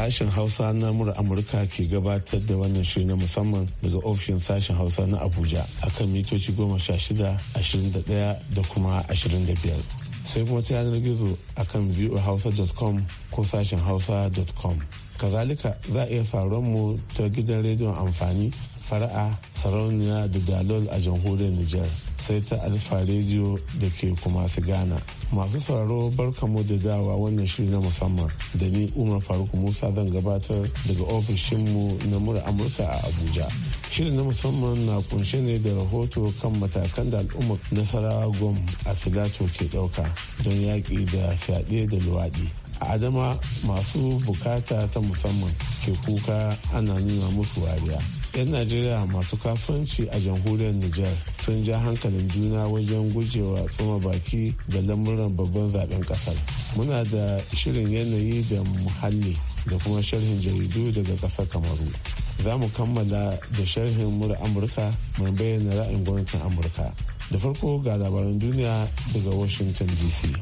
sashen hausa na mura amurka ke gabatar da wannan shiri na musamman daga ofishin sashen hausa na abuja akan mitoci goma sha shida ashirin da daya da kuma ashirin da biyar sai kuma ta yanar gizo akan voahausa.com ko sashen hausa.com kazalika za a iya sauran mu ta gidan rediyon amfani fara'a sarauniya da dalol a jamhuriyar niger sai ta alfa rediyo da ke kuma su gana masu sauraro barkamu da dawa wannan shiri na musamman da ni umar faruk musa zan gabatar daga ofishinmu na mura amurka a abuja shirin na musamman na kunshe ne da rahoto kan matakan da al'ummar nasara gom a filato ke dauka don yaƙi da fyaɗe da luwaɗi a adama masu bukata ta musamman ke kuka ana nuna musu wariya. 'yan najeriya masu kasuwanci a jamhuriyar niger sun ja hankalin juna wajen gujewa tsoma baki da lamuran babban zaben kasar muna da shirin yanayi da muhalli da kuma sharhin jaridu daga kasar kamaru za mu kammala da sharhin mura amurka mai bayyana ra'ayin gwamnatin amurka da farko ga labaran duniya daga washington dc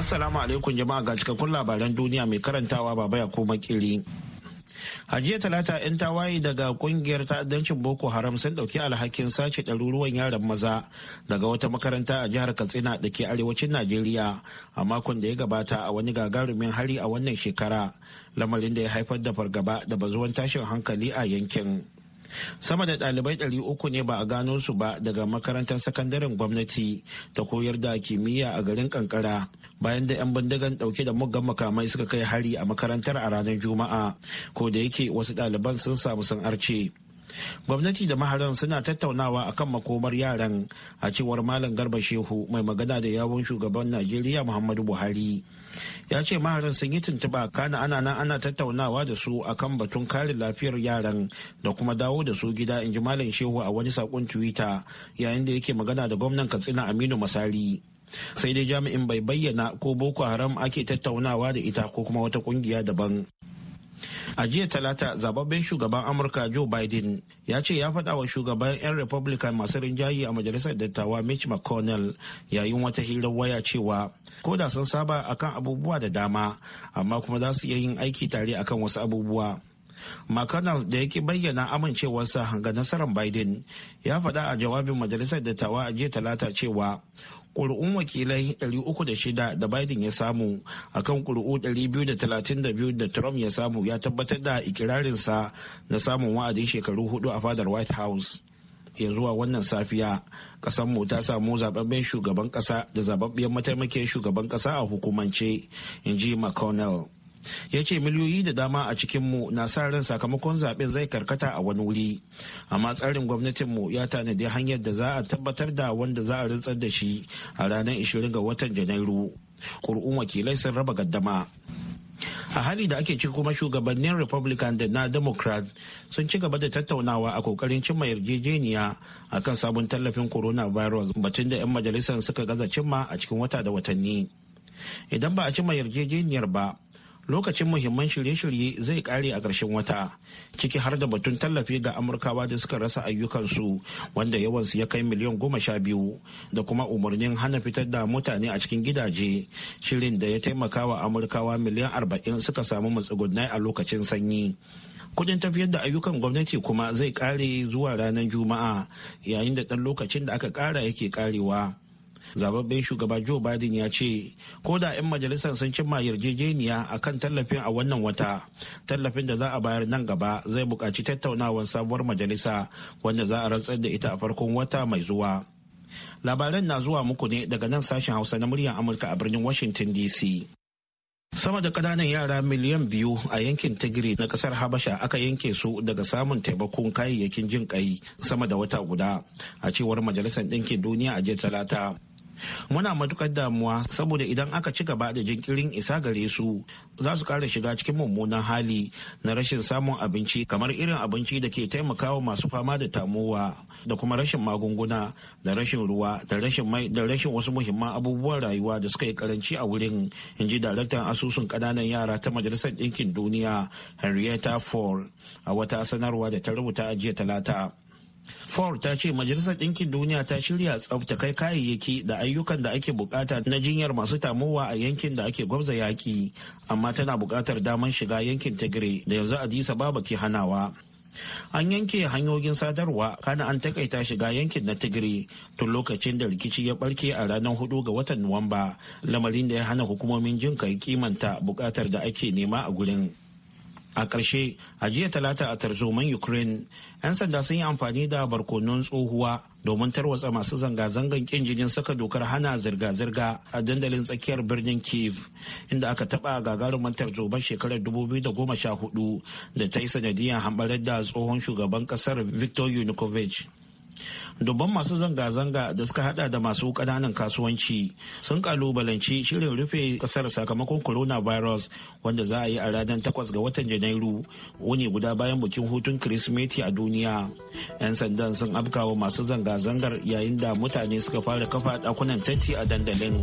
Assalamu alaikum jama'a ga cikakkun labaran duniya mai karantawa baba ya koma kili. Hajiya talata 'yan tawaye daga kungiyar ta'addancin Boko Haram sun ɗauki alhakin sace ɗaruruwan yaran maza daga wata makaranta a jihar Katsina da ke arewacin Najeriya a makon da ya gabata a wani gagarumin hari a wannan shekara lamarin da ya haifar da fargaba da bazuwan tashin hankali a yankin. sama da ɗalibai ɗari uku ne ba a gano su ba daga makarantar sakandaren gwamnati ta koyar da kimiyya a garin kankara bayan da 'yan bindigan ɗauke da muggan makamai suka kai hari a makarantar a ranar juma'a ko da yake wasu ɗaliban sun samu san arce gwamnati da maharan suna tattaunawa akan makomar yaran a cewar malam garba shehu mai magana da yawon shugaban najeriya muhammadu buhari ya ce maharin sun yi tuntuɓa kana ana nan ana tattaunawa da su a kan batun kare lafiyar yaran da kuma dawo da su gida in ji malam shehu a wani sakon twitter yayin da yake magana da gwamnan katsina aminu masari sai dai jami'in bai bayyana ko boko haram ake tattaunawa da ita ko kuma wata kungiya daban a jiya talata zababben shugaban amurka joe biden ya ce ya faɗa wa shugaban 'yan republican masu rinjaye a majalisar dattawa mitch mcconnell yayin wata hirar waya cewa ko da sun saba akan abubuwa da dama amma kuma za su iya yin aiki tare akan wasu abubuwa mcconnell da yake bayyana amincewarsa ga nasarar biden ya faɗa a jawabin majalisar dattawa a jiya talata cewa ƙuri'un wakilai 306 da Biden ya samu akan ƙuri'u 232 da Trump ya samu ya tabbatar da ikirarinsa na samun wa'adin shekaru hudu a fadar White House. ya zuwa wannan safiya kasanmu ta samu zababben shugaban kasa da zababben mataimakin shugaban kasa a hukumance in ji mcconnell ya ce miliyoyi da dama a cikinmu na sa ran sakamakon zaben zai karkata a wani wuri amma tsarin gwamnatinmu ya tanadi hanyar da za a tabbatar da wanda za a rantsar da shi a ranar 20 ga watan janairu ƙuri'un wakilai sun raba gaddama a hali da ake ci kuma shugabannin republican da na democrat sun ci gaba da tattaunawa a kokarin cimma yarjejeniya akan sabon tallafin coronavirus batun da 'yan majalisar suka gaza cimma a cikin wata da watanni idan ba a cimma yarjejeniyar ba lokacin muhimman shirye-shirye zai kare a ƙarshen wata ciki har da batun tallafi ga amurkawa da suka rasa ayyukansu wanda yawansu ya kai miliyan goma sha biyu da kuma umarnin hana fitar da mutane a cikin gidaje shirin da ya taimaka wa amurkawa miliyan arba'in suka samu matsugunai a lokacin sanyi kudin tafiyar da ayyukan gwamnati kuma zai kare zuwa ranar juma'a yayin da ɗan lokacin da aka ƙara yake karewa zababben shugaba joe biden ya ce ko da 'yan majalisar sun cimma yarjejeniya a kan tallafin a wannan wata tallafin da za a bayar nan gaba zai buƙaci tattaunawar sabuwar majalisa wanda za a rantsar da ita a farkon wata mai zuwa labaran na zuwa muku ne daga nan sashen hausa na muryar amurka a birnin washington dc sama da kananan yara miliyan biyu a yankin tigiri na kasar habasha aka yanke su daga samun taimakon kayayyakin jin kai sama da wata guda a cewar majalisar ɗinkin duniya a jiya talata muna matukar damuwa saboda idan aka ci gaba da jinkirin isa gare su za su kara shiga cikin mummunan hali na rashin samun abinci kamar irin abinci da ke taimakawa masu fama da tamowa da kuma rashin magunguna da rashin ruwa da rashin mai da rashin wasu muhimman abubuwan rayuwa da suka yi karanci a wurin in ji daraktan asusun kananan yara ta majalisar ɗinkin duniya henrietta ford a wata sanarwa da ta rubuta a jiya talata Ford ta ce Majalisar Ɗinkin Duniya ta shirya tsabta kai kayayyaki da ayyukan da ake bukata na jinyar masu tamowa a yankin da ake gwamza yaƙi, amma tana buƙatar damar shiga yankin Tigray da yanzu adisa Ababa ke hanawa. An yanke hanyoyin sadarwa kana an takaita shiga yankin na Tigray tun lokacin da rikici ya barke a ranar hudu ga watan Nuwamba, lamarin da ya hana hukumomin jin kai kimanta bukatar da ake nema a gurin. a ƙarshe a jiya talata a tarzoman ukraine 'yan sanda sun yi amfani da barkonon tsohuwa domin tarwatsa masu zanga-zangan ƙin jinin saka dokar hana zirga-zirga a dandalin tsakiyar birnin kiev inda aka taɓa gagarumin tarzoman shekarar 2014 da ta yi sanadiyar hambarar da tsohon shugaban ƙasar victor yanukovych dubban masu zanga-zanga da suka hada da masu kananan kasuwanci sun kalubalanci shirin rufe kasar sakamakon coronavirus wanda za a yi a ranar 8 ga watan janairu wuni guda bayan bukin hutun kirismeti a duniya 'yan sandan sun afkawa masu zanga-zangar yayin da mutane suka fara kafa dakunan tatti a dandalin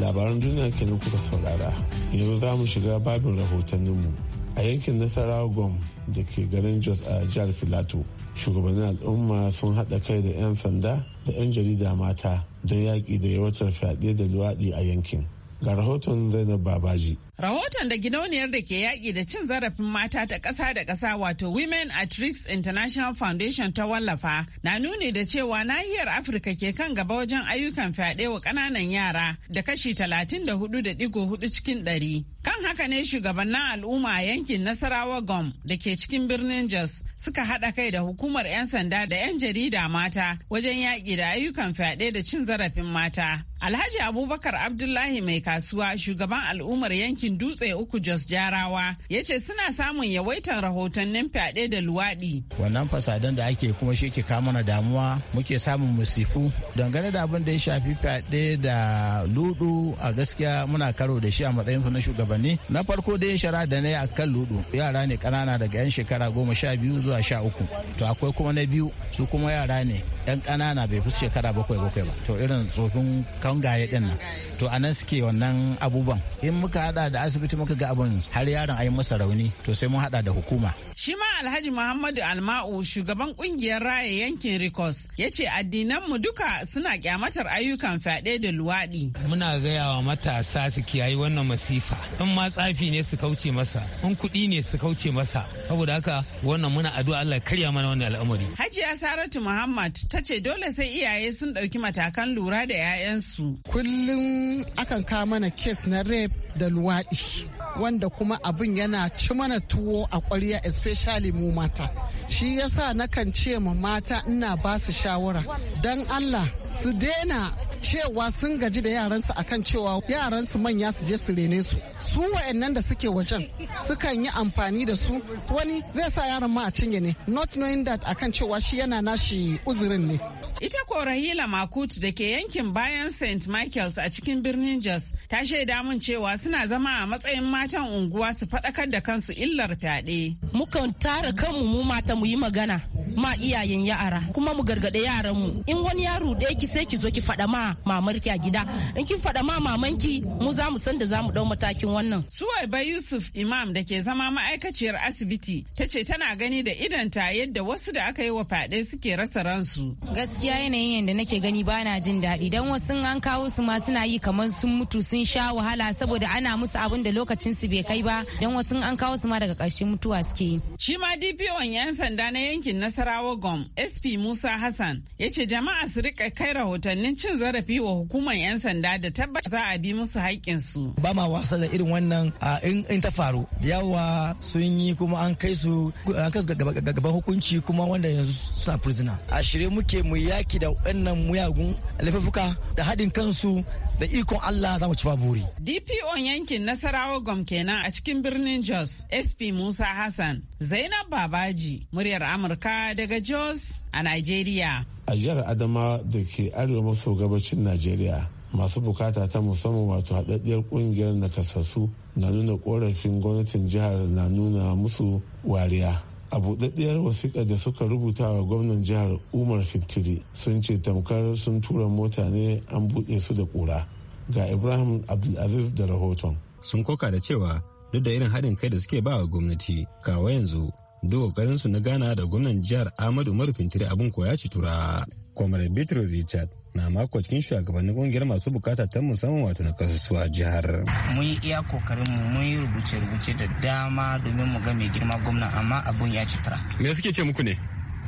labaran duniya kenan kuka saurara yanzu za mu shiga babin rahotanninmu a yankin nasarawa gom da ke garin jos a jihar filato shugabannin al'umma sun haɗa kai da 'yan sanda da 'yan jarida mata don yaƙi da yawatar fyaɗe da luwaɗi a yankin ga rahoton zainab babaji rahoton da gidauniyar da ke yaƙi da cin zarafin mata ta ƙasa da ƙasa wato women at risk international foundation ta wallafa na nuni da cewa nahiyar afirka ke kan gaba wajen ayyukan fyaɗe wa ƙananan yara da kashi talatin da da hudu cikin ɗari. kan haka ne shugabannin al'umma a yankin nasarawa gom da ke cikin birnin jos suka haɗa kai da hukumar 'yan sanda da 'yan jarida mata wajen yaƙi da ayyukan fyaɗe da cin zarafin mata Alhaji Abubakar Abdullahi mai kasuwa shugaban al'ummar yankin dutse uku Jos Jarawa ya ce suna samun yawaitar rahotannin fyaɗe da luwaɗi. Wannan fasadan da ake kuma shi ke mana damuwa muke samun musifu dangane da abin da ya shafi fyaɗe da ludu a gaskiya muna karo da shi a matsayin na shugabanni. Na farko dai shara da na a kan ludu yara ne ƙanana daga 'yan shekara goma sha biyu zuwa sha uku. To akwai kuma na biyu su kuma yara ne 'yan ƙanana bai fi shekara bakwai bakwai ba. To irin tsofin kangaye din nan to a nan suke wannan abubuwan in muka hada da asibiti muka ga abin har yaron ayi masa rauni to sai mun hada da hukuma shi ma alhaji muhammadu alma'u shugaban kungiyar raya yankin rikos ya ce addinan mu duka suna kyamatar ayyukan fyaɗe da luwaɗi muna gaya wa matasa su kiyayi wannan masifa in ma tsafi ne su kauce masa in kuɗi ne su kauce masa saboda haka wannan muna addu'a Allah karya mana wannan al'amari hajiya saratu muhammad ta ce dole sai iyaye sun ɗauki matakan lura da 'ya'yansu su. Kullum akan ka mana kes na rape da luwaɗi wanda kuma abin yana ci mana tuwo a ƙwarya especially mu mata. Shi yasa nakan ce ma mata ina ba su shawara don Allah su daina cewa sun gaji da yaransu akan cewa yaransu manya su je su rene su su wa'annan da suke wajen sukan yi amfani da su wani zai sa yaran ma a cinye ne not knowing that akan cewa shi yana nashi uzurin ne Ita Korahila Makut da ke yankin bayan St. Michael's a cikin birnin Jos ta shaida mun cewa suna zama a matsayin matan unguwa su faɗakar da kansu illar fyaɗe. Mukan tara kanmu mu mata mu yi magana ma iyayen yara kuma mu gargaɗe yaran mu in wani ya ruɗe ki sai ki zo ki faɗa ma mamarki a gida in kin faɗa ma mamanki mu za mu san da za mu ɗau matakin wannan. Suwaiba Yusuf Imam da ke zama ma'aikaciyar asibiti ta ce tana gani da ta yadda wasu da aka yi wa fyaɗe suke rasa ransu. Gaskiya yanayin yanda nake gani ba na jin daɗi don wasu an kawo su ma suna yi kamar sun mutu sun sha wahala saboda ana musu abin da lokacin su bai kai ba don wasu an kawo su ma daga ƙarshen mutuwa suke yi. Shi ma DPO 'yan sanda na yankin nasara nasarawa gom sp musa hassan ya ce jama'a su rika kai rahotannin cin zarafi wa hukumar 'yan sanda da tabbata za a bi musu haƙƙinsu ba ma wasa da irin wannan in ta faru yawa sun yi kuma an kai su gaban hukunci kuma wanda yanzu suna prisoner a shirye muke mu yaki da wannan muyagun laifuka da haɗin kansu da ikon Allah za mu ci buri. DPO yankin Nasarawa Gwam kenan a cikin birnin Jos, SP Musa Hassan, Zainab Babaji, muryar Amurka daga Jos a Nigeria. A jihar Adama da ke arewa maso gabacin Najeriya. masu bukata ta musamman wato haɗaɗɗiyar ƙungiyar nakasassu na nuna korafin gwamnatin jihar na nuna musu wariya a buɗaɗɗiyar wasiƙa da suka rubuta wa gwamnan jihar umar fintiri sun ce tamkar sun tura mota ne an buɗe su da ƙura ga ibrahim abdulaziz da rahoton sun koka da cewa duk da irin haɗin kai da suke ba wa gwamnati kawo yanzu duk ƙoƙarinsu na gana da gwamnan jihar ahmadu umar fintiri abin koya ci tura comrade bitrus richard na mako cikin shugabannin kungiyar masu bukata ta musamman wato na kasusuwa jihar. Mun yi iya kokarin mu mun yi rubuce-rubuce da dama domin mu ga mai girma gwamna amma abun ya citara. Me suke ce muku ne?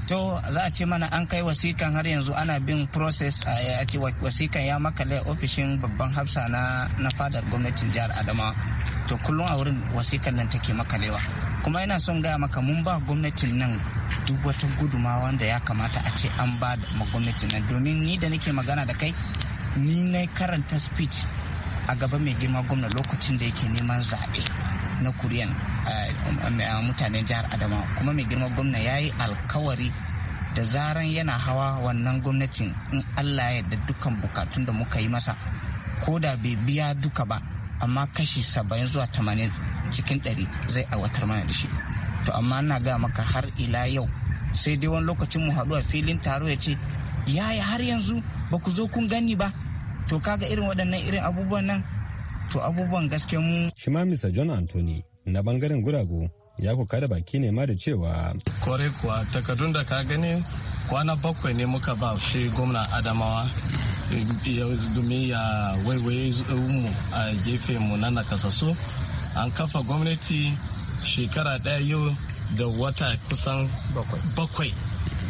To za a ce mana an kai wasikan har yanzu ana bin process a ce wasikan ya makale ofishin babban hafsa na fadar gwamnatin jihar Adamawa. To kullum a wurin wasikan nan take makalewa. kuma yana son gaya maka mun ba gwamnatin nan duk wata guduma wanda ya kamata a ce an ba ma gwamnatin nan domin ni da nake magana da kai ni na karanta speech a gaba mai girma gwamna lokacin da yake neman zaɓe na eh, a mutanen jihar adama kuma mai girma gwamna ya yi alkawari da zaran yana hawa wannan gwamnatin in allah ya da dukkan bukatun da muka yi masa ko da bai biya duka ba amma kashi saba'in zuwa tamanin cikin ɗari zai aiwatar mana da shi to amma na ga maka har ila yau sai dai wani lokacin mu haɗu a filin taro ya ce yaya har yanzu ba ku zo kun gani ba to kaga irin waɗannan irin abubuwan nan to abubuwan gaske mu shima john anthony na bangaren gurago ya ku kada baki ne ma da cewa kore kuwa takardun da ka gani kwana bakwai ne muka ba shi gwamna adamawa domin ya waiwaye mu a gefe mu na nakasassu an kafa gwamnati shekara ɗaya yau da wata kusan bakwai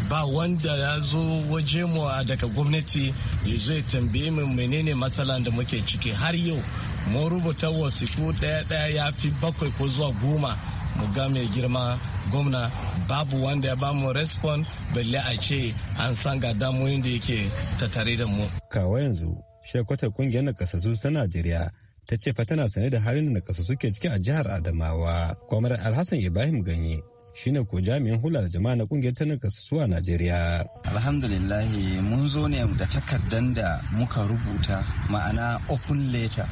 ba wanda ya zo waje mu daga gwamnati ya zo ya tambaye mu menene matsalan da muke ciki har yau mun rubuta ko ɗaya ɗaya ya fi bakwai ko zuwa goma mu ga mai girma gwamna babu wanda ya bamu respond balle a ce an san ga damoyin da yake tattare da mu. Kawo yanzu shekwatar kungiyar nakasassu ta Najeriya ta ce fa tana sane da halin da nakasassu ke ciki a jihar Adamawa. Kwamar Alhassan Ibrahim Ganye shine ko jami'in hula da jama'a na kungiyar ta nakasassu a Najeriya. Alhamdulillah mun zo ne da takardar da muka rubuta ma'ana open letter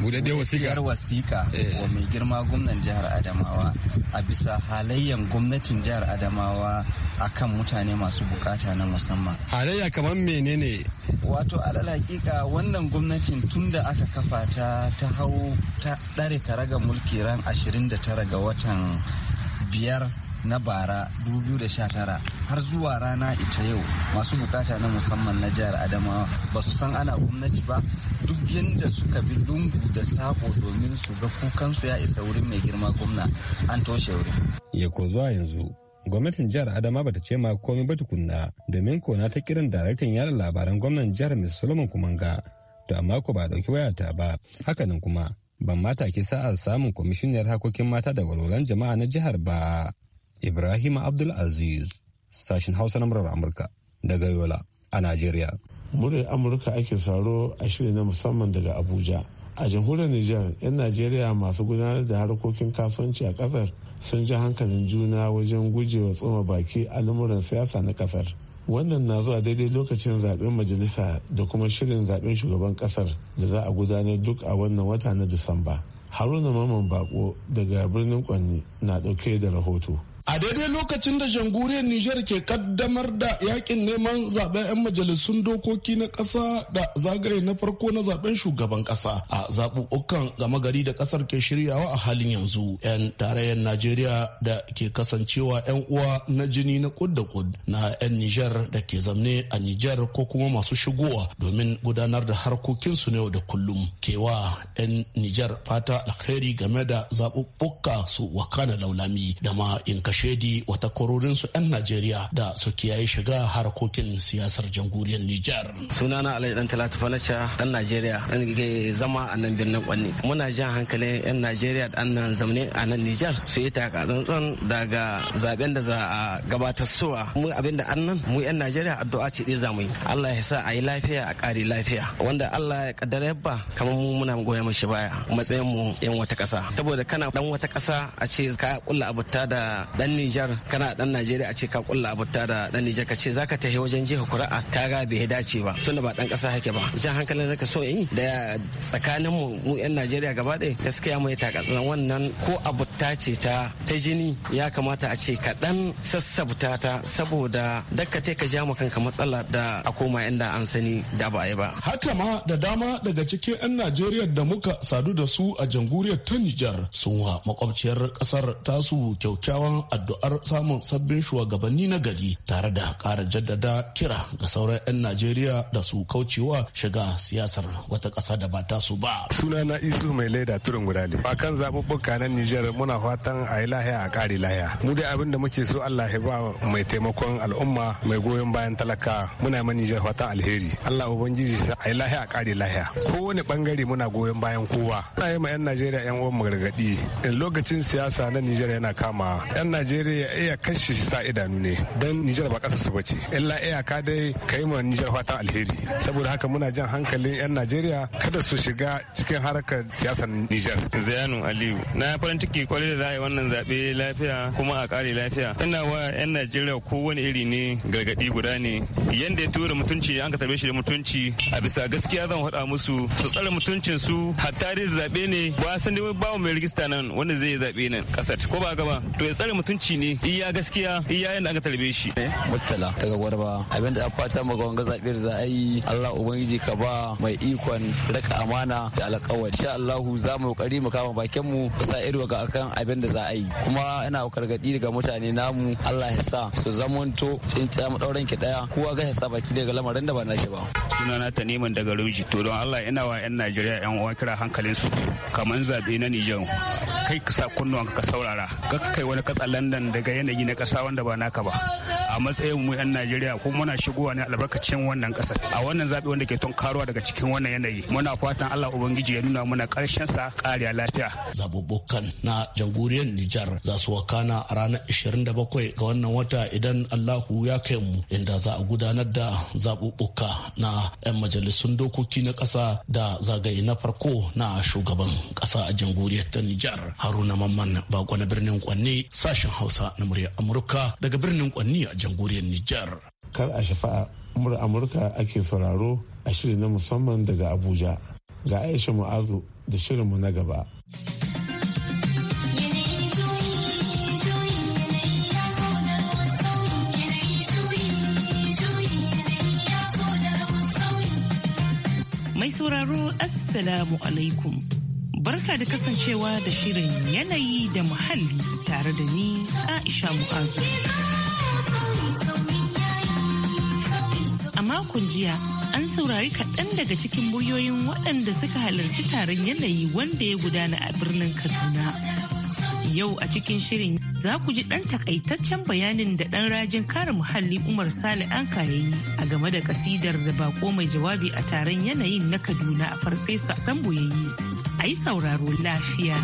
dai wasiƙa wasiƙa eh. wa mai girma gwamnan jihar adamawa a bisa halayyan gwamnatin jihar adamawa akan mutane masu bukata na musamman halayya kamar menene wato alal hakika wannan gwamnatin tun da aka kafa ta ta hau ta ɗare raga mulki ran 29 ga watan biyar na bara 2019 har zuwa rana ita yau masu bukata na musamman na jihar adamawa ba su san ana gwamnati ba duk yadda suka bi lungu da sako domin su ga kukansu ya isa wurin mai girma gwamna an toshe wurin. Ya ko zuwa yanzu gwamnatin jihar adama bata ce ma komai ba tukunna domin kona ta kiran daraktan yada labaran gwamnan jihar mai solomon kumanga to amma ko ba dauki wayata ba hakanan kuma ban mata ke sa'a samun kwamishiniyar hakokin mata da walwalan jama'a na jihar ba ibrahim abdul aziz sashen hausa na murar amurka daga yola a najeriya muryar amurka ake saro a shirin na musamman daga abuja a jamhuriyar niger 'yan najeriya masu gudanar da harkokin kasuwanci a kasar sun ji hankalin juna wajen gujewa tsoma baki a lamuran siyasa na kasar wannan na zuwa daidai lokacin zaben majalisa da kuma shirin zaben shugaban kasar da za a gudanar duk a wannan wata na disamba haruna maman bako daga birnin kwanni na dauke da rahoto a daidai lokacin da janguriyar Nijar ke kaddamar da yakin neman zaben 'yan majalisun dokoki na ƙasa da zagaye na farko na zaɓen shugaban ƙasa a zaɓuɓɓukan gama gari da ƙasar ke shiryawa a halin yanzu 'yan tarayyar najeriya da ke kasancewa 'yan uwa na jini na kud da kud na 'yan Nijar da ke zamne a Nijar ko kuma masu shigowa domin gudanar da harkokinsu na yau da kullum kewa 'yan Nijar fata alheri game da zaɓuɓɓuka su wakana laulami da ma in kashe kashedi wa su 'yan Najeriya da su kiyaye shiga harkokin siyasar jamhuriyar Nijar. Sunana Alhaji Dan Talatu Falacha dan Najeriya dan ke zama a nan birnin Kwanne. Muna jan hankalin 'yan Najeriya da nan zamne a nan Nijar su yi taka tsantsan daga zaben da za a gabatar suwa. Mu abin an nan mu 'yan Najeriya addu'a ce dai zamu yi. Allah ya sa a yi lafiya a kare lafiya wanda Allah ya kaddara yabba kamar mu muna goya mashi baya matsayin mu 'yan wata ƙasa. Saboda kana dan wata ƙasa a ce ka kulla abuta da dan dan Nijar kana dan Najeriya a ce ka kulla abuta da dan Nijar ka ce zaka tafi wajen jiha kuri'a ka ga bai dace ba tunda ba dan kasa hake ba jan hankalin da ka so yi da tsakanin mu mu yan Najeriya gaba ɗaya gaskiya mai takatsan wannan ko abuta ce ta ta jini ya kamata a ce ka dan sassabta ta saboda dakka ka ja ma kanka matsala da a koma inda an sani da ba a ba haka ma da dama daga cikin yan Najeriya da muka sadu da su a jamhuriyar ta Nijar sun wa makwabciyar kasar tasu kyaukyawan addu'ar samun sabbin shugabanni na gari tare da kara jaddada kira ga sauran 'yan Najeriya da su kaucewa shiga siyasar wata ƙasa da ba su ba. suna na Isu mai laida turin ne ba kan zaɓuɓɓuka na Nijar muna fatan a yi lahiya a ƙari lahiya. Mu dai abin da muke so Allah ya ba mai taimakon al'umma mai goyon bayan talaka muna ma Nijar fatan alheri. Allah Ubangiji sa a yi lahiya a ƙari lahiya. Kowane bangare muna goyon bayan kowa. Ina yi ma 'yan Najeriya 'yan uwan gargaɗi. Lokacin siyasa na Nijar yana kama. 'Yan najeriya iya kashe shi sa idanu ne don nijar ba kasa su bace illa iyaka dai kai ma nijar fatan alheri saboda haka muna jan hankalin yan najeriya kada su shiga cikin harkar siyasar nijar zayanu aliyu na farin ciki kwarai da za yi wannan zaɓe lafiya kuma a ƙare lafiya ina wa yan najeriya kowane iri ne gargaɗi guda ne yanda ya tura mutunci an ka tarbe shi da mutunci a bisa gaskiya zan faɗa musu su tsare mutuncin su hatta da zaɓe ne ba san dai ba mai rigista nan wanda zai zaɓe nan ƙasar ko ba gaba to ya tsare mutunci ne iya gaskiya iya yadda aka tarbe shi eh, mutala daga gwarba abinda da fata mu ga wanga za a yi Allah ubangiji ka ba mai ikon raka amana da alƙawari insha allahu za mu ƙari mu kama bakin mu sa ido ga akan abinda da za a yi kuma ina gargaɗi daga mutane namu Allah ya sa su zamanto tsintsiya mu dauran ki ɗaya kowa ga ya sa baki daga lamarin da ba na shi ba sunana ta neman daga Rauji to don Allah ina wa 'yan Najeriya 'yan uwa kira hankalinsu kamar zaɓe na Nijar kai ka sa kunnuwanka ka saurara ka kai wani katsa landan daga yanayi na kasa wanda ba naka ba a matsayin mu 'yan Najeriya ko muna shigowa ne albarkacin wannan kasar A wannan zabi wanda ke ton karuwa daga cikin wannan yanayi muna fatan Allah Ubangiji ya nuna mana karshen sa kariya lafiya. zabubukan na jamhuriyar Nijar za su wakana a ranar 27 ga wannan wata idan Allahu ya kai mu inda za a gudanar da zabubuka na 'yan majalisun dokoki na ƙasa da zagaye na farko na shugaban kasa a jamhuriyar ta Nijar Haruna Mamman Bako na birnin kwanni sashen Hausa na murya Amurka daga birnin kwanni a jamhuriyar Nijar. Kar a shafa'a mura Amurka ake sauraro a shiri na musamman daga Abuja. Ga Aisha Mu'azu da shirinmu na gaba. Mai sauraro Assalamu alaikum. Barka da kasancewa da shirin yanayi da muhalli tare da ni Aisha Mu'azu. a makon jiya an saurari kaɗan daga cikin muryoyin waɗanda suka halarci taron yanayi wanda ya gudana a birnin kaduna yau a cikin shirin za ku ji ɗan takaitaccen bayanin da ɗan rajin kare muhalli umar sale an yayi a game da kasidar da bako mai jawabi a taron yanayin na kaduna a farfesa sambo yayi a yi sauraro lafiya.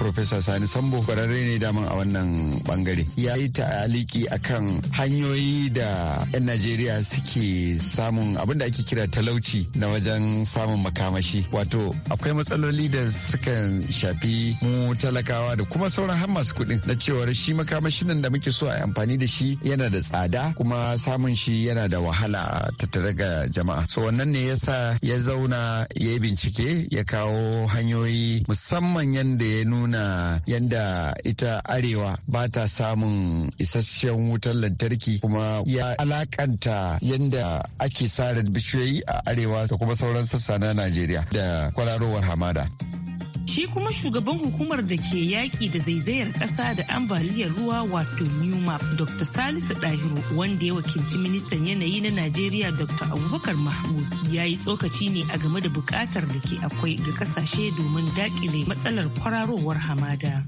Profesa Sani Sambo kwararre ne daman a wannan bangare. Ya yi ta'aliki kan hanyoyi da 'yan Najeriya suke samun abin da ake kira talauci na wajen samun makamashi. Wato akwai matsaloli da sukan shafi mu talakawa da kuma sauran har masu kuɗin na cewar shi makamashi nan da muke so a amfani da shi yana da tsada kuma samun shi yana da wahala tattare ga jama'a. So wannan ne yasa ya zauna ya yi bincike ya kawo hanyoyi musamman yadda ya nuna nuna yanda ita arewa ba ta samun isasshen wutar lantarki kuma ya alakanta yanda ake sare bishiyoyi a arewa da kuma sauran sassa na najeriya da kwararowar hamada. Shi kuma shugaban hukumar da ke yaƙi da zaizayar ƙasa da ambaliyar ruwa wato Map Dr. Salisu ɗahiru wanda ya wakilci ministan yanayi na Najeriya Dr. Abubakar Mahmud ya yi tsokaci ne a game da buƙatar da ke akwai ga ƙasashe domin daƙile matsalar kwararowar hamada.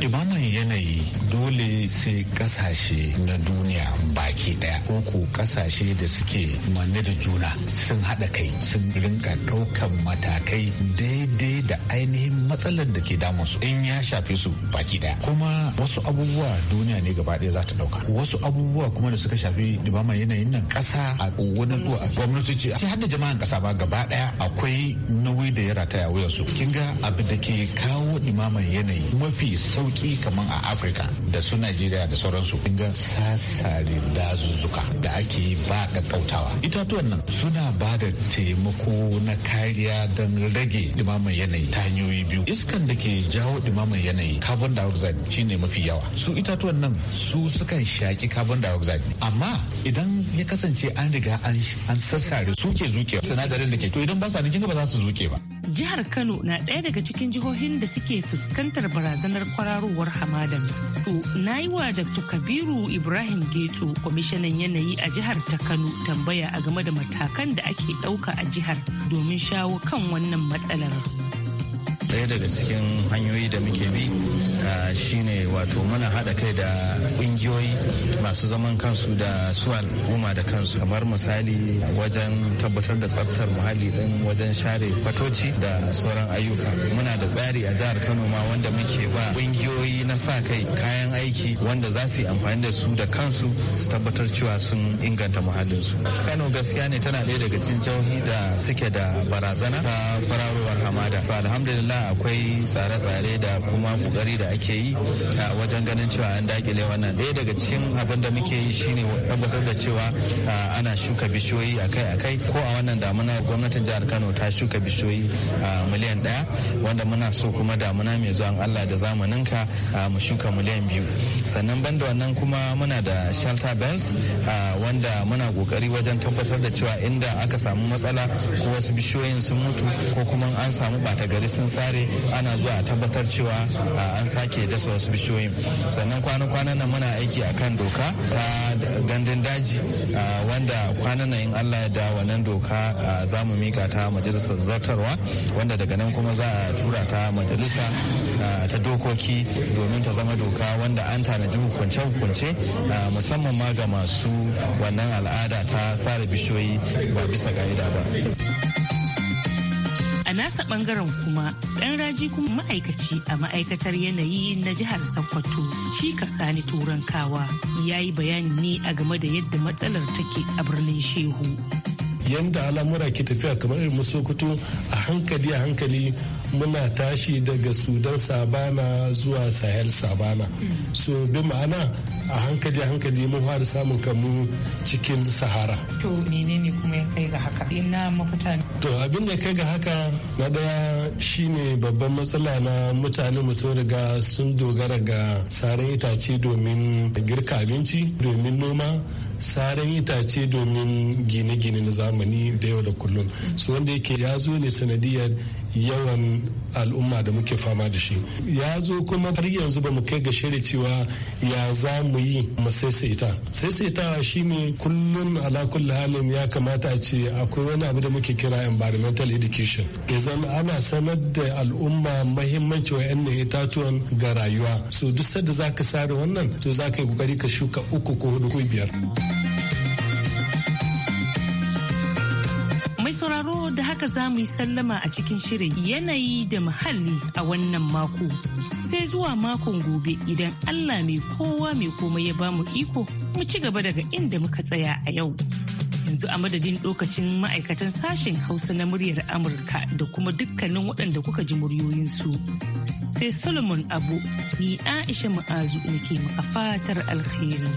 Imaman yanayi dole sai kasashe na duniya baki daya uku kasashe da suke manne da juna sun haɗa kai sun rinka ɗaukan matakai dai daidai da ainihin matsalar da ke damun su in ya shafe su baki daya kuma wasu abubuwa duniya ne gaba daya za ta dauka wasu abubuwa kuma da suka shafi dibama yanayin nan kasa a wani a ce. sai har da jama'an ƙasa ba gaba daya. akwai nauyi da ya rataya wuyan su kin ga abin da ke kawo dimaman yanayi mafi sauki kamar a afirka da su najeriya da sauransu kin ga sasare dazuzzuka da ake ba kakkautawa itatuwan nan suna ba da taimako na kariya don rage dimaman yanayi ta hanyoyi biyu iskan da ke jawo ɗumamar yanayi carbon dioxide shine mafi yawa su itatuwan nan su sukan shaki carbon dioxide amma idan ya kasance an riga an sassare su ke zuke sinadarin da ke to idan ba sa nan kinga ba za su zuke ba jihar Kano na ɗaya daga cikin jihohin da suke fuskantar barazanar kwararowar hamadan. To, na yi wa Dr. Kabiru Ibrahim Geto, kwamishinan yanayi a jihar ta Kano tambaya a game da matakan da ake ɗauka a jihar domin shawo kan wannan matsalar. ɗaya daga cikin hanyoyi da muke bi shine wato muna haɗa kai da ƙungiyoyi masu zaman kansu da su al'umma da kansu kamar misali wajen tabbatar da tsaftar muhalli ɗin wajen share fatoci da sauran ayyuka muna da tsari a jihar kano ma wanda muke ba ƙungiyoyi na sa kai kayan aiki wanda za su yi amfani da su da kansu su tabbatar cewa sun inganta muhallinsu kano gaskiya ne tana ɗaya daga cikin jihohi da suke da barazana ta kwararowar hamada alhamdulillah akwai tsare-tsare da kuma kokari da ake yi a wajen ganin cewa an dakile wannan ɗaya daga cikin abin da muke yi shine tabbatar da cewa ana shuka bishiyoyi akai-akai ko a wannan damuna gwamnatin jihar kano ta shuka bishiyoyi miliyan ɗaya wanda muna so kuma damuna mai zuwan allah da zamanin ka mu shuka miliyan biyu sannan banda wannan kuma muna da shelter belts wanda muna kokari wajen tabbatar da cewa inda aka samu matsala ko wasu bishiyoyin sun mutu ko kuma an samu bata gari sun sa kare ana zuwa a tabbatar cewa an sake dasa wasu bishiyoyin sannan kwanan-kwanan nan muna aiki akan doka ta gandun daji wanda kwanan nan in allah da wannan doka za mu mika ta majalisar zartarwa wanda daga nan kuma za a tura ta majalisa ta dokoki domin ta zama doka wanda an tanaji hukunce-hukunce musamman ma ga masu wannan al'ada ta sare bishiyoyi ba bisa gaida ba. nasa bangaren kuma dan raji kuma ma'aikaci a ma'aikatar yanayi na jihar sokoto shi ka sani turankawa ya yi bayani ne a game da yadda matsalar take a birnin shehu yanda al'amura ke tafiya kamar irin masokoto a hankali a hankali muna tashi daga sudan sabana zuwa sahel sabana so bi ma'ana a hankali hankali mun fara samun kamu cikin sahara to menene kuma ya kai ga haka ina mafita to abin da kai ga haka na daya shine babban matsala na mutane mu sun riga sun dogara ga saran itace domin girka abinci domin noma saran itace domin gine-gine na zamani da yau da kullum su wanda yake ya zo ne sanadiyar yawan al'umma da muke fama da shi ya zo kuma har yanzu ba mu kai ga shirya cewa ya za mu yi mu saisaita saisaitawa shine kullum ala kulli halin ya kamata a ce akwai wani abu da muke kira environmental education idan ana sanar da al'umma mahimmanci wa yan itatuwan ga rayuwa so duk sadda zaka sare wannan to zaka yi kokari ka shuka uku ko hudu ko biyar Mai sauraro da haka za mu yi sallama a cikin shirin yanayi da muhalli a wannan mako. Sai zuwa makon gobe idan Allah mai kowa mai komai ya bamu iko mu ci gaba daga inda muka tsaya a yau. Yanzu a madadin lokacin ma'aikatan sashen Hausa na muryar Amurka da kuma dukkanin waɗanda kuka ji muryoyinsu. Sai Solomon Abu ni Aisha ma'azu nake maka fatar alkhairi.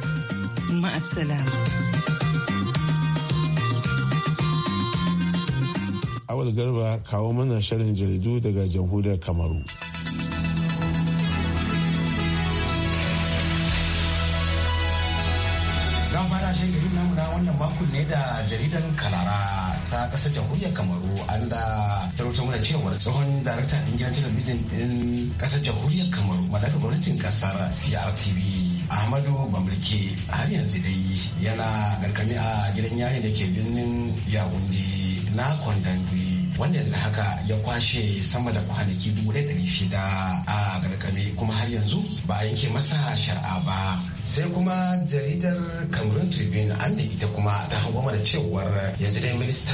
Ma'assalam. awal garba kawo mana sharhin jaridu daga jamhuriyar kamaru zan fara shi garin na wannan makon ne da jaridan kalara ta kasar jamhuriyar kamaru an da ta mana cewar tsohon darakta din gidan talabijin din kasar jamhuriyar kamaru mallakar gwamnatin kasar crtv ahmadu bamulke har yanzu dai yana garkami a gidan yari da ke birnin yawundi na kwandangui wanda yanzu haka ya kwashe sama da kwanaki dubu da ɗari shida a gargame kuma har yanzu ba a yanke masa shari'a ba sai kuma jaridar cameroon tribune an da ita kuma ta hango mana cewar yanzu dai minista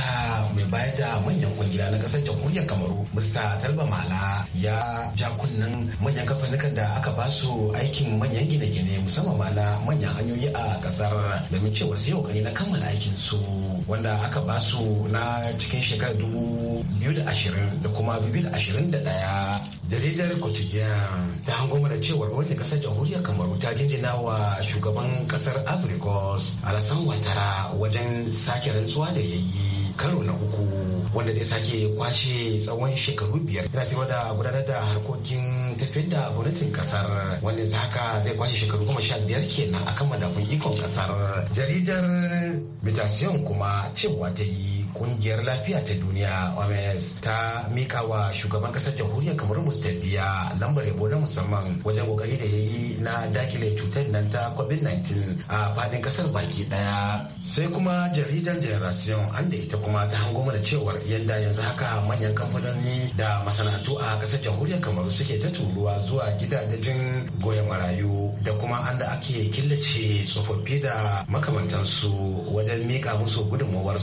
mai bayar da manyan kungiya na kasar jamhuriyar kamaru mista talba mala ya ja kunnen manyan kamfanin da su aikin manyan gine-gine musamman ma na manyan hanyoyi a kasar domin cewar sai gani na kammala aikin su wanda aka ba su na cikin shekarar dubu biyu da ashirin da kuma dubu da ashirin da daya jaridar quotidien ta hango mana cewar gwamnatin kasar jamhuriyar kamaru ta jinjina wa shugaban kasar africos alasan watara wajen sake rantsuwa da yayi karo na uku wanda zai sake kwashe tsawon shekaru biyar yana sai da gudanar da harkokin tafiyar da gwamnatin kasar wanda yanzu haka zai kwashe shekaru goma sha biyar kenan akan madafun ikon kasar jaridar mitasiyon kuma cewa ta yi kungiyar lafiya ta duniya oms ta mika wa shugaban kasar jamhuriyar kamar biya lambar yabo na musamman wajen kokari da yayi na dakile cutar nan ta covid-19 a fadin kasar baki daya sai kuma jaridan generation an da ita kuma ta hango mana cewar yanda yanzu haka manyan kamfanoni da masana'antu a kasar jamhuriyar kamar suke ta turuwa zuwa gidajen goyon marayu da kuma an da ake killace tsofaffi da makamantansu wajen mika musu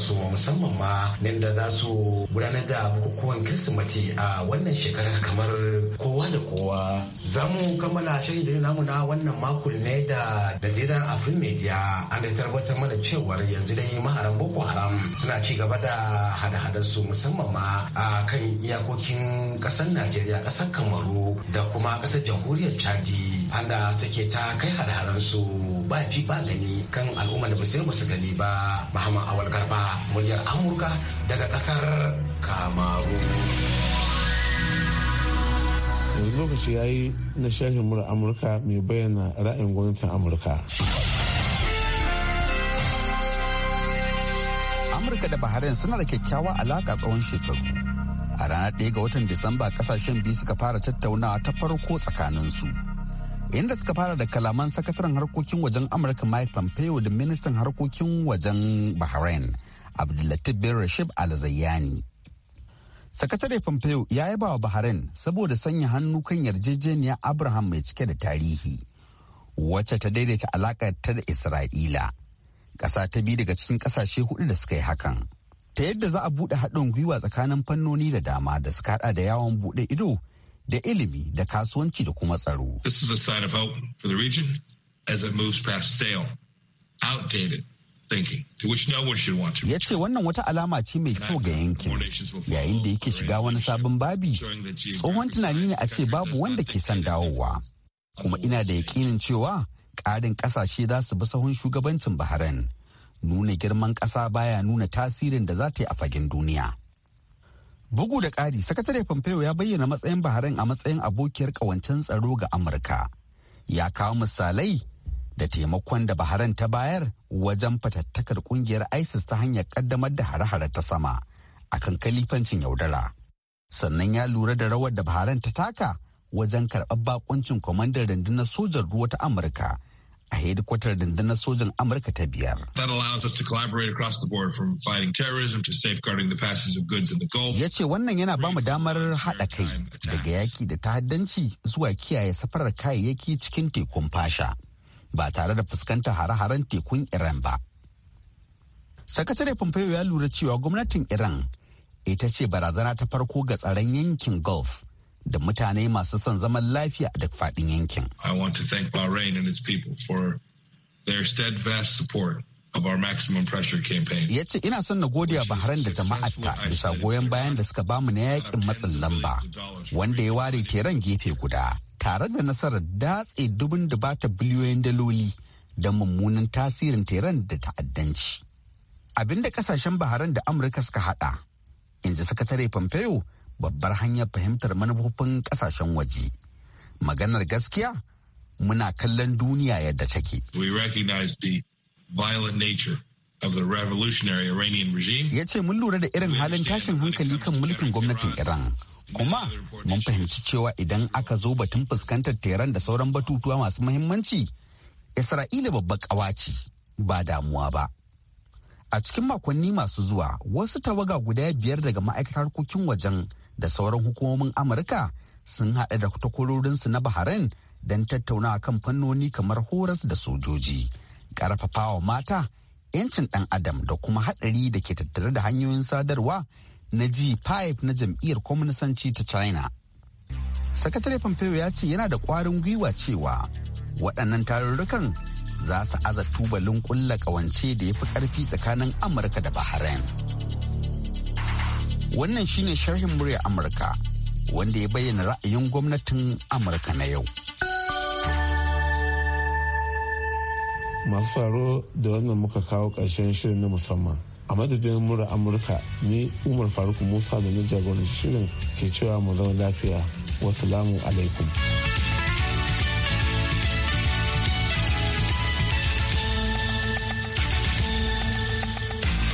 su musamman ma ba nan da za su gudanar da bukukuwan kirsimati a wannan shekarar kamar kowa da kowa za mu kammala shirin jirgin namu na wannan makon ne da gajeren afrin media an da tarbatar mana cewar yanzu dai maharan boko haram suna ci gaba da hada-hadar su musamman ma a kan iyakokin kasar najeriya kasar kamaru da kuma kasar jamhuriyar chadi anda suke ta kai hada-hadar su ba fi ba gani kan al'ummar da musulmi su gani ba Muhammad Awal Garba muryar Amurka daga kasar Kamaru. yanzu lokaci ya yi na shafin mura amurka mai bayyana ra'ayin gwamnatin amurka amurka da bahrain suna da kyakkyawa alaka tsawon shekaru a ranar 1 ga watan disamba kasashen biyu suka fara tattaunawa ta farko tsakanin su. inda suka fara da kalaman sakataren harkokin wajen amurka mike pompeo da ministan harkokin wajen bahrain abdullatif bin rashid alzayyani. sakatare pompeo ya yi wa bahrain saboda sanya hannu kan yarjejeniya abraham mai cike da tarihi wacce ta daidaita alaƙa ta da isra'ila ƙasa ta biyu daga cikin ƙasashe hudu da suka yi hakan ta yadda za a buɗe haɗin gwiwa tsakanin fannoni da dama da suka haɗa da yawon buɗe ido da ilimi da kasuwanci da kuma tsaro. This is a sign Ya ce wannan wata alama ce mai kyau ga yankin yayin da yake shiga wani sabon babi tsohon tunani ne a ce babu wanda ke son dawowa. Kuma ina da yakinin cewa ƙarin ƙasashe za su bi sahun shugabancin Bahrain. Nuna girman ƙasa baya nuna tasirin da za ta yi a fagen duniya. Bugu da ƙari, Sakatare Pompeo ya bayyana matsayin Bahrain a matsayin abokiyar ƙawancen tsaro ga Amurka. Ya kawo misalai da taimakon da Bahrain ta bayar wajen fatattakar ƙungiyar ISIS ta hanyar ƙaddamar da hare-hare ta sama a kan kalifancin yaudara. Sannan ya lura da rawar da Bahrain ta taka wajen karɓar bakuncin kwamandan rundunar sojan ruwa ta Amurka a hedikwatar na sojan Amurka ta biyar. to to Ya ce wannan yana ba mu damar haɗa kai daga yaki da ta'addanci zuwa kiyaye safarar kayayyaki cikin tekun fasha ba tare da fuskantar hare-haren tekun Iran ba. Sakatare Pompeo ya lura cewa gwamnatin Iran ita ce barazana ta farko ga tsaron yankin Gulf da mutane masu son zaman lafiya a duk faɗin yankin. I want to thank Bahrain and its people for their steadfast support Ya ce ina son na gode Bahrain da jama'arta bisa goyon bayan da suka bamu na yakin matsin lamba wanda ya ware teran gefe guda tare da nasarar datse dubin da ta biliyoyin daloli da mummunan tasirin teran da ta'addanci. Abin da kasashen Bahrain da Amurka suka hada, in ji sakatare Pompeo babbar hanyar fahimtar manufofin kasashen waje. Maganar gaskiya muna kallon duniya yadda take. We the violent nature of the revolutionary Ya ce mun lura da irin halin tashin hankali kan mulkin gwamnatin Iran. Kuma mun fahimci cewa idan aka zo batun fuskantar Tehran da sauran batutuwa masu mahimmanci Isra'ila babbar ce ba damuwa ba. A cikin makonni masu zuwa, wasu tawaga guda biyar daga ma'aikatar harkokin wajen da sauran hukumomin amurka sun haɗa da takwarorinsu na bahrain don tattauna kan fannoni kamar horas da sojoji ƙarfafawa mata 'yancin ɗan adam da kuma haɗari da ke tattare da hanyoyin sadarwa na g5 na jam'iyyar kwamnisanci ta china sakatare pompeo ya ce yana da ƙwarin gwiwa cewa waɗannan tarurrukan za su aza tubalin ƙulla ƙawance da ya fi ƙarfi tsakanin amurka da bahrain Wannan shine sharhin murya Amurka wanda ya bayyana ra'ayin gwamnatin Amurka na yau. Masu tsaro da wannan muka kawo ƙarshen shirin na musamman. A madadin mura Amurka ni Umar Faruk Musa da na jagoranci shirin ke cewa mu zama lafiya. Wasu alaikum. alaikum.